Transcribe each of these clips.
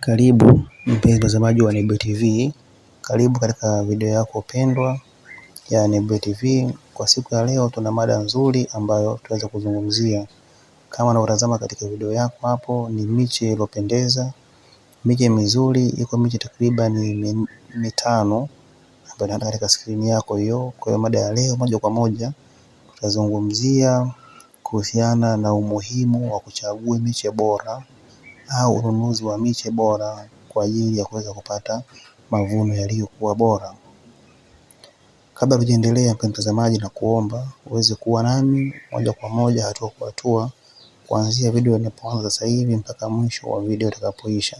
Karibu mpenzi mtazamaji wa Nebuye TV, karibu katika video yako pendwa ya Nebuye TV. Kwa siku ya leo tuna mada nzuri ambayo tunaweza kuzungumzia, kama unavyotazama katika video yako hapo, ni miche iliyopendeza, miche mizuri, iko miche takriban mitano ambayo inaenda katika skrini yako hiyo. Kwa hiyo mada ya leo moja kwa moja tutazungumzia kuhusiana na umuhimu wa kuchagua miche bora au ununuzi wa miche bora kwa ajili ya kuweza kupata mavuno yaliyokuwa bora. Kabla tujaendelea, mpenzi mtazamaji, nakuomba uweze kuwa nami moja kwa moja, hatua kwa hatua, kuanzia video inapoanza sasa hivi mpaka mwisho wa video itakapoisha,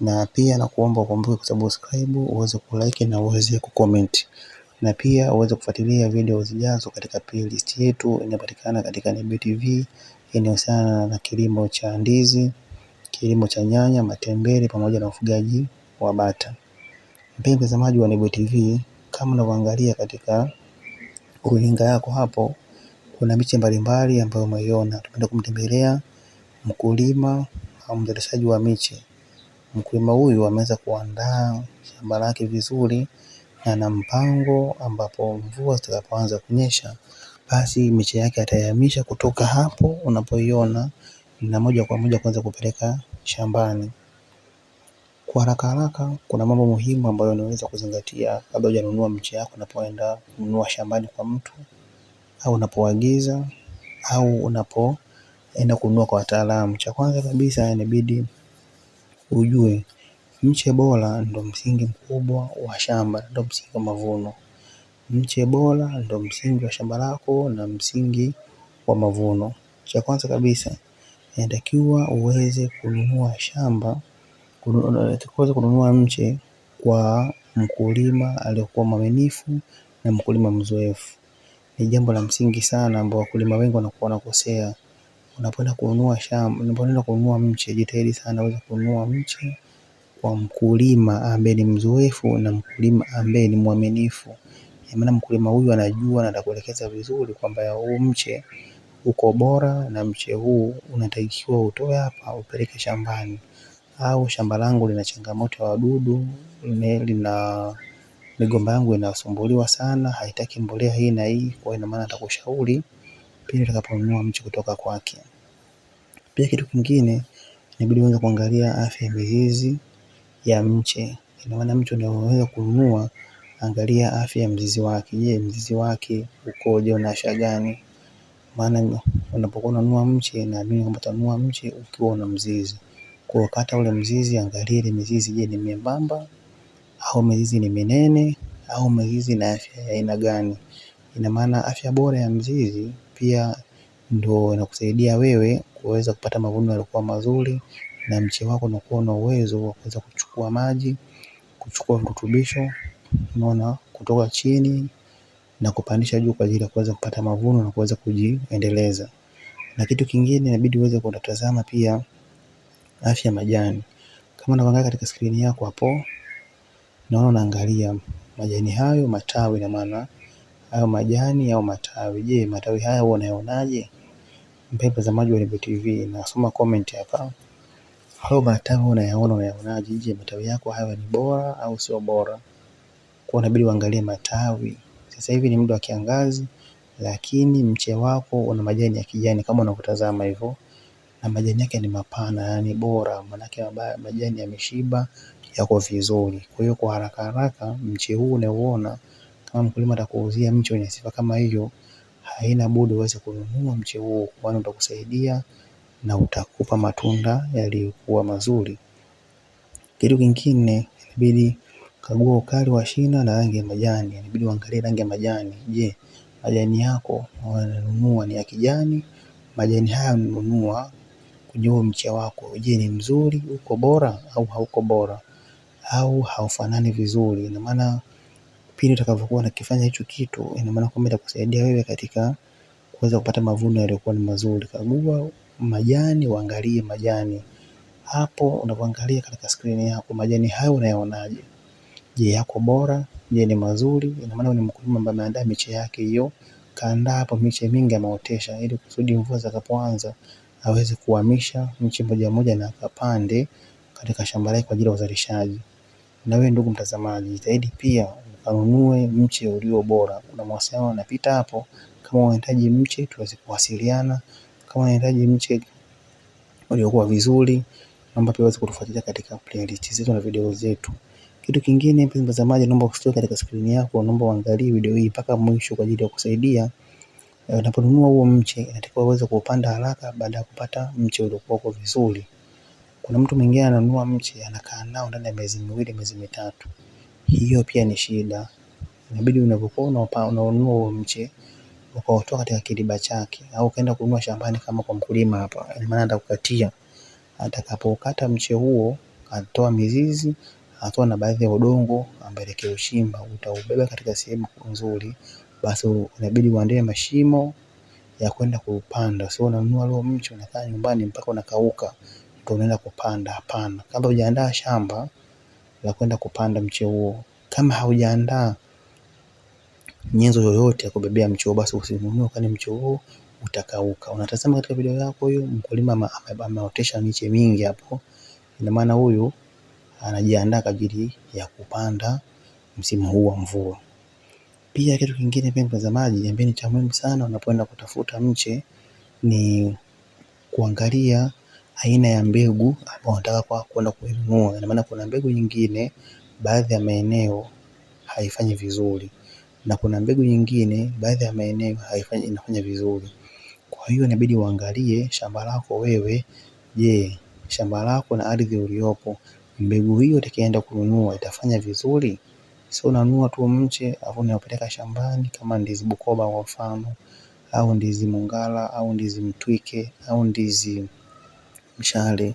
na pia nakuomba ukumbuke kusubscribe, uweze kulike na uweze kucomment, na pia uweze kufuatilia video zijazo katika playlist yetu inayopatikana katika Nebuye TV inayohusiana na kilimo cha ndizi kilimo cha nyanya, matembele pamoja na ufugaji wa bata. Mpenzi mtazamaji wa Nebuye TV, kama unavyoangalia katika runinga yako hapo, kuna miche mbalimbali ambayo umeiona. Tunaenda kumtembelea mkulima au mzalishaji wa miche. Mkulima huyu ameweza kuandaa shamba lake vizuri na ana mpango ambapo mvua zitakapoanza kunyesha, basi miche yake atayahamisha kutoka hapo unapoiona na moja kwa moja kuanza kupeleka shambani. Kwa haraka haraka kuna mambo muhimu ambayo unaweza kuzingatia kabla hujanunua miche yako unapoenda kununua shambani kwa mtu au unapoagiza au unapoenda kununua kwa wataalamu. Cha kwanza kabisa inabidi ujue mche bora ndo msingi mkubwa wa shamba, ndo msingi wa mavuno. Mche bora ndo msingi wa shamba lako na msingi wa mavuno. Cha kwanza kabisa inatakiwa uweze kununua shamba, uweze kununua mche kwa mkulima aliyekuwa mwaminifu na mkulima mzoefu. Ni jambo la msingi sana ambao wakulima wengi wanakuwa wanakosea. Unapoenda kununua shamba, unapoenda kununua mche, jitahidi sana uweze kununua mche kwa mkulima ambaye ni mzoefu na mkulima ambaye ni mwaminifu, maana mkulima huyu anajua na atakuelekeza vizuri kwamba huu mche uko bora na mche huu unatakiwa utoe hapa upeleke shambani, au shamba langu lina changamoto ya wadudu, lina migomba yangu inasumbuliwa sana, haitaki mbolea hii na hii, kwa hiyo ina maana atakushauri pindi utakaponunua mche kutoka kwake. Pia kitu kingine inabidi uanze kuangalia afya ya mizizi ya mche. Ina maana mche unaoweza kununua, angalia afya ya mzizi wake. Je, mzizi wake ukoje? Una gani? maana unapokuwa unanunua mche naamini kwamba utanunua mche ukiwa una mzizi. Kwa kata ule mzizi, angalia ile mizizi je ni membamba au mizizi ni minene au mizizi ina afya ya aina gani. Ina maana afya bora ya mzizi pia ndo inakusaidia wewe kuweza kupata mavuno yaliyokuwa mazuri na mche wako unakuwa una uwezo wa kuweza kuchukua maji, kuchukua virutubisho unaona kutoka chini na kupandisha juu kwa ajili ya kuweza kupata mavuno na kuweza kujiendeleza. Na kitu kingine inabidi uweze kutazama pia afya majani. Kama unaangalia katika skrini yako hapo, naona unaangalia majani hayo matawi, na maana hayo majani au matawi. Je, matawi haya huwa unayaonaje? Mpendwa mtazamaji wa Nebuye TV, nasoma comment hapa. Hayo matawi unayaona, unayonaje? Je, matawi yako hayo ni bora au sio bora? Kwa inabidi uangalie matawi sasa hivi ni muda wa kiangazi, lakini mche wako una majani ya kijani kama unavyotazama hivyo, na majani yake ni mapana, yaani bora, maanake majani yameshiba, yako vizuri. Kwa hiyo kwa haraka haraka mche huu unaoona kama mkulima atakuuzia mche wenye sifa kama hiyo, haina budi uweze kununua mche huo, kwani utakusaidia na utakupa matunda yaliyokuwa mazuri. Kitu kingine inabidi kagua ukali wa shina na rangi ya majani, inabidi uangalie rangi ya majani, je majani yako unayonunua ni ya kijani? Majani haya unanunua kwenye huo mche wako, je ni mzuri, uko bora au hauko bora au haufanani vizuri? Ina maana pindi utakavyokuwa unakifanya hicho kitu, ina maana kwamba itakusaidia wewe katika kuweza kupata mavuno yaliyokuwa ni mazuri. Kagua majani, uangalie majani hapo, unapoangalia katika skrini yako, majani hayo unayoonaje? Je, yako bora? Je, ni mazuri? Ina maana ni mkulima ambaye ameandaa miche yake hiyo, kaandaa hapo miche mingi ameotesha, ili kusudi mvua zitakapoanza aweze kuhamisha miche moja moja na akapande katika shamba lake kwa ajili ya uzalishaji. Na wewe ndugu mtazamaji, jitahidi pia ukanunue mche ulio bora. Kuna mawasiliano yanapita hapo, kama unahitaji mche tuweze kuwasiliana, kama unahitaji mche uliokuwa vizuri, naomba pia uweze kutufuatilia katika playlist zetu na video zetu. Kitu kingine mpenzi mtazamaji, naomba usitoke katika skrini yako, naomba uangalie video hii mpaka mwisho kwa ajili ya kusaidia. Eh, unaponunua huo mche, inatakiwa uweze kuupanda haraka baada ya kupata mche uliokuwa uko vizuri. Kuna mtu mwingine ananunua mche anakaa nao ndani ya miezi miwili, miezi mitatu, hiyo pia ni shida. Inabidi unapokuwa unaununua huo mche ukaotoa katika kiriba chake, au ukaenda kununua shambani, kama kwa mkulima hapa, maana atakukatia. Atakapokata mche huo, atoa mizizi akiwa na baadhi ya udongo ambao akiuchimba utaubeba katika sehemu nzuri, basi inabidi uandae mashimo ya kwenda kupanda. Sio unanunua leo mche unakaa nyumbani mpaka unakauka ndio unaenda kupanda. Hapana, kabla hujaandaa shamba la kwenda kupanda mche huo, kama haujaandaa nyenzo yoyote ya kubebea mche huo, basi usinunue, kwani mche huo utakauka. Unatazama katika video yako, huyu mkulima ameotesha miche mingi hapo, ina maana huyu anajiandaa kwa ajili ya kupanda msimu huu wa mvua. Pia kitu kingine pia mtazamaji, ambaye ni cha muhimu sana unapoenda kutafuta mche ni kuangalia aina ya mbegu ambayo unataka kwenda kuinunua. Ina maana kuna mbegu nyingine baadhi ya maeneo haifanyi vizuri na kuna mbegu nyingine baadhi ya maeneo haifanyi inafanya vizuri. Kwa hiyo inabidi uangalie shamba lako wewe, je, shamba lako na ardhi uliopo mbegu hiyo utakayoenda kununua itafanya vizuri, sio unanunua tu mche alafu unapeleka shambani kama ndizi Bukoba kwa mfano au ndizi Mungala au ndizi Mtwike au ndizi mshale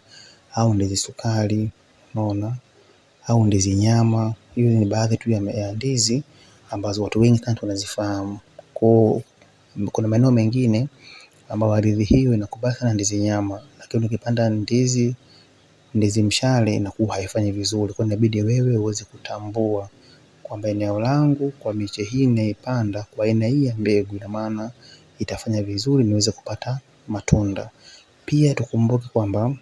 au ndizi sukari unaona au ndizi nyama. Hiyo ni baadhi tu ya ndizi ambazo watu wengi sana wanazifahamu. Kwa kuna maeneo mengine ambayo ardhi hiyo inakubali sana ndizi nyama, lakini ukipanda ndizi ndizi mshale inakuwa haifanyi vizuri, kwa inabidi wewe uweze kutambua kwamba eneo langu kwa miche hii ninaipanda kwa aina hii ya mbegu, ina maana itafanya vizuri niweze kupata matunda. Pia tukumbuke kwamba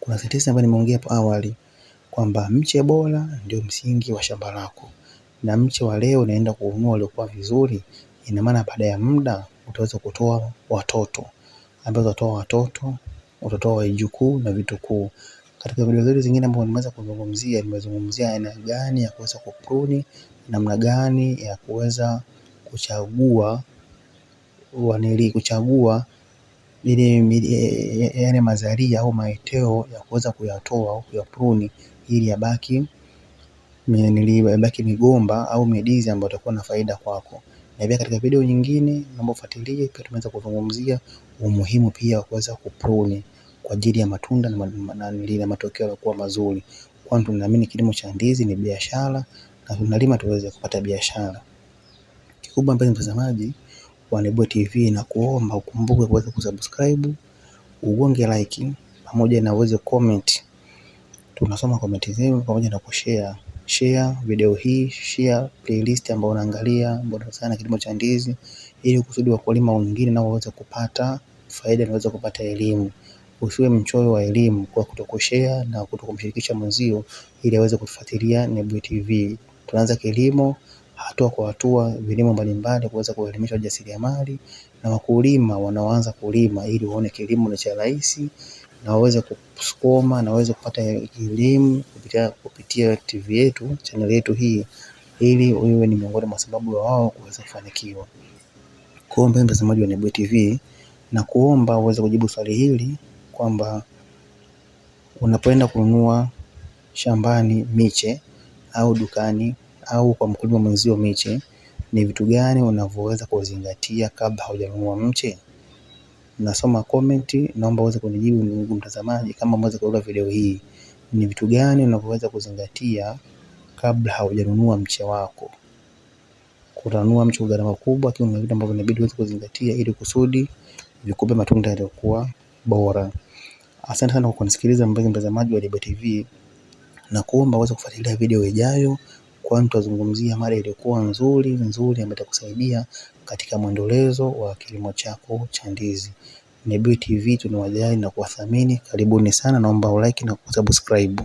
kuna sentensi ambayo nimeongea hapo awali kwamba mche bora ndio msingi wa shamba lako, na mche wa leo unaenda kuunua uliokuwa vizuri, ina maana baada ya muda utaweza kutoa watoto, ambao utatoa watoto watoto wa na vitukuu. Katika video zetu zingine ambazo nimeweza kuzungumzia, nimezungumzia aina gani ya kuweza kupruni, namna gani ya kuweza kuchagua wanili kuchagua ile e, e, yale mazalia au maeteo ya kuweza kuyatoa au kuyapruni ili yabaki yabaki migomba au midizi ambayo itakuwa na faida kwako. Na pia katika video nyingine naomba ufuatilie, pia tumeweza kuzungumzia umuhimu pia wa kuweza kupruni kwa ajili ya matunda na na matokeo yanakuwa mazuri, kwani tunaamini kilimo cha ndizi ni biashara na tunalima tuweze kupata biashara. Kikubwa mpenzi mtazamaji wa Nebuye TV, na kuomba ukumbuke kuweza kusubscribe, ugonge like pamoja na uweze comment. Tunasoma comment zenu pamoja na kushare share video hii, share playlist ambayo unaangalia bora sana kilimo cha ndizi, ili kusudi wakulima wengine nao waweze kupata faida na waweze kupata elimu usiwe mchoyo wa elimu kwa kutokoshea na kutokumshirikisha mwenzio ili aweze kutufuatilia Nebuye TV. Tunaanza kilimo hatua kwa hatua, vilimo mbalimbali kuweza kuelimisha wajasiriamali na wakulima wanaoanza kulima, ili waone kilimo ni cha rahisi na waweze kusukuma na waweze kupata elimu kupitia, kupitia TV yetu chaneli yetu hii, ili wewe ni miongoni mwa sababu ya wao kuweza kufanikiwa. Kwa hiyo mtazamaji wa Nebuye TV, na kuomba uweze kujibu swali hili kwamba unapoenda kununua shambani miche au dukani au kwa mkulima mwenzio miche, ni vitu gani unavyoweza kuzingatia kabla hujanunua mche? Nasoma komenti, naomba uweze kunijibu ndugu mtazamaji, kama umeweza kuona video hii, ni vitu gani unavyoweza kuzingatia kabla haujanunua mche wako? Utanunua mche wa gharama kubwa, lakini kuna vitu ambavyo inabidi uweze kuzingatia ili kusudi vikupe matunda yaliyokuwa bora. Asante sana kwa kunisikiliza mpenzi mtazamaji wa Libre TV, na kuomba uweze kufuatilia video ijayo, kwani tutazungumzia mada iliyokuwa nzuri nzuri ambayo itakusaidia katika mwendelezo wa kilimo chako cha ndizi. Nebuye TV tunawajali na kuwathamini. Karibuni sana, naomba ulike na kusubscribe.